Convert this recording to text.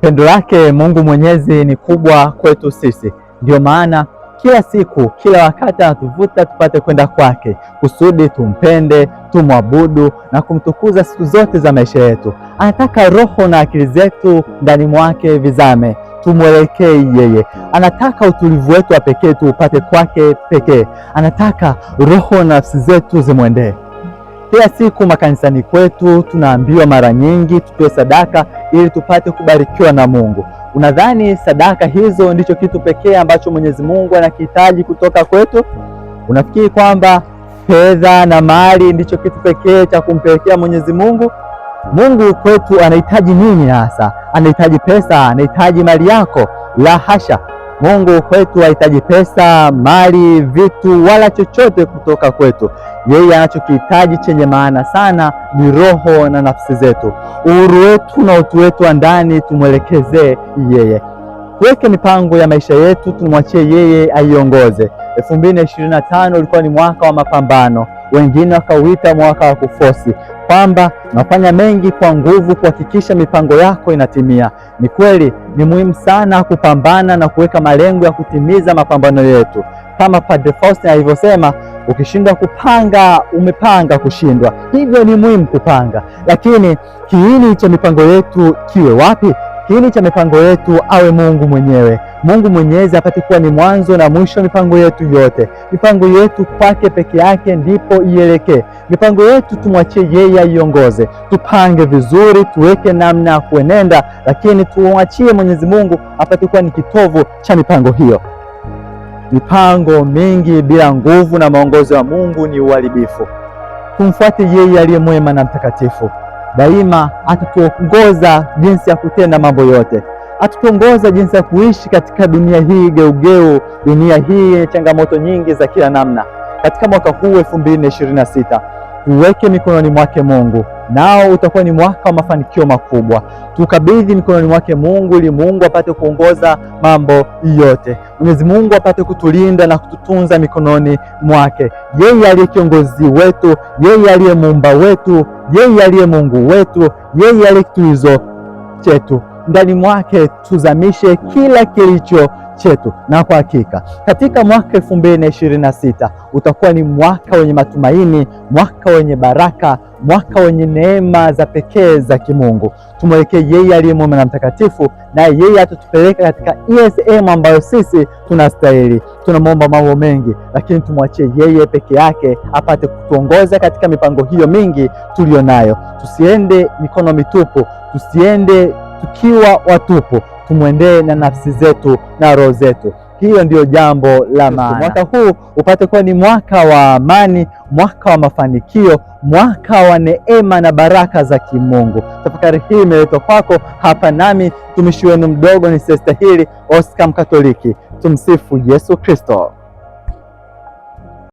Pendo lake Mungu Mwenyezi ni kubwa kwetu sisi, ndio maana kila siku, kila wakati anatuvuta tupate kwenda kwake, kusudi tumpende, tumwabudu na kumtukuza siku zote za maisha yetu. Anataka roho na akili zetu ndani mwake vizame, tumwelekee yeye. Anataka utulivu wetu wa pekee tuupate kwake pekee. Anataka roho na nafsi zetu zimwendee. Kila siku makanisani kwetu tunaambiwa mara nyingi tutoe sadaka ili tupate kubarikiwa na Mungu. Unadhani sadaka hizo ndicho kitu pekee ambacho Mwenyezi Mungu anakihitaji kutoka kwetu? Unafikiri kwamba fedha na mali ndicho kitu pekee cha kumpelekea Mwenyezi Mungu? Mungu kwetu anahitaji nini hasa? Anahitaji pesa? Anahitaji mali yako? La hasha! Mungu kwetu hahitaji pesa, mali, vitu wala chochote kutoka kwetu. Yeye anachokihitaji chenye maana sana ni roho na nafsi zetu, uhuru wetu na utu wetu wa ndani tumwelekezee yeye. Tuweke mipango ya maisha yetu, tumwachie yeye aiongoze. 2025 ulikuwa ni mwaka wa mapambano, wengine wakauita mwaka wa kufosi kwamba unafanya mengi kwa nguvu kuhakikisha mipango yako inatimia. Ni kweli, ni muhimu sana kupambana na kuweka malengo ya kutimiza mapambano yetu. Kama Padre Faustin alivyosema, ukishindwa kupanga umepanga kushindwa. Hivyo ni muhimu kupanga, lakini kiini cha mipango yetu kiwe wapi? kiini cha mipango yetu awe Mungu mwenyewe. Mungu mwenyezi apate kuwa ni mwanzo na mwisho mipango yetu yote. Mipango yetu kwake peke yake ndipo ielekee. Mipango yetu tumwachie yeye aiongoze, tupange vizuri, tuweke namna ya kuenenda, lakini tumwachie Mwenyezi Mungu apate kuwa ni kitovu cha mipango hiyo. Mipango mingi bila nguvu na maongozo ya Mungu ni uharibifu. Tumfuate yeye aliye mwema na mtakatifu. Daima atatuongoza jinsi ya kutenda mambo yote, atatuongoza jinsi ya kuishi katika dunia hii geugeu, dunia hii yenye changamoto nyingi za kila namna. Katika mwaka huu 2026 uweke mikononi mwake Mungu, nao utakuwa ni mwaka wa mafanikio makubwa. Tukabidhi mikononi mwake Mungu ili Mungu apate kuongoza mambo yote. Mwenyezi Mungu apate kutulinda na kututunza mikononi mwake. Yeye aliye kiongozi wetu, yeye aliye muumba wetu, yeye aliye Mungu wetu, yeye aliye kitulizo chetu ndani mwake tuzamishe kila kilicho chetu. Na kwa hakika katika mwaka elfu mbili na sita utakuwa ni mwaka wenye matumaini, mwaka wenye baraka, mwaka wenye neema za pekee za kimungu. Tumwelekee yeye aliye mwema na mtakatifu, naye yeye atatupeleka katika ile sehemu ambayo sisi tunastahili. Tunamwomba mambo mengi, lakini tumwachie yeye peke yake apate kutuongoza katika mipango hiyo mingi tuliyo nayo Tusiende mikono mitupu, tusiende tukiwa watupu, tumwendee na nafsi zetu na roho zetu. Hiyo ndio jambo la maana. Mwaka huu upate kuwa ni mwaka wa amani, mwaka wa mafanikio, mwaka wa neema na baraka za kimungu. Tafakari hii imeletwa kwako hapa nami mtumishi wenu mdogo ni Sesta Hili Oscar Mkatoliki. Tumsifu Yesu Kristo.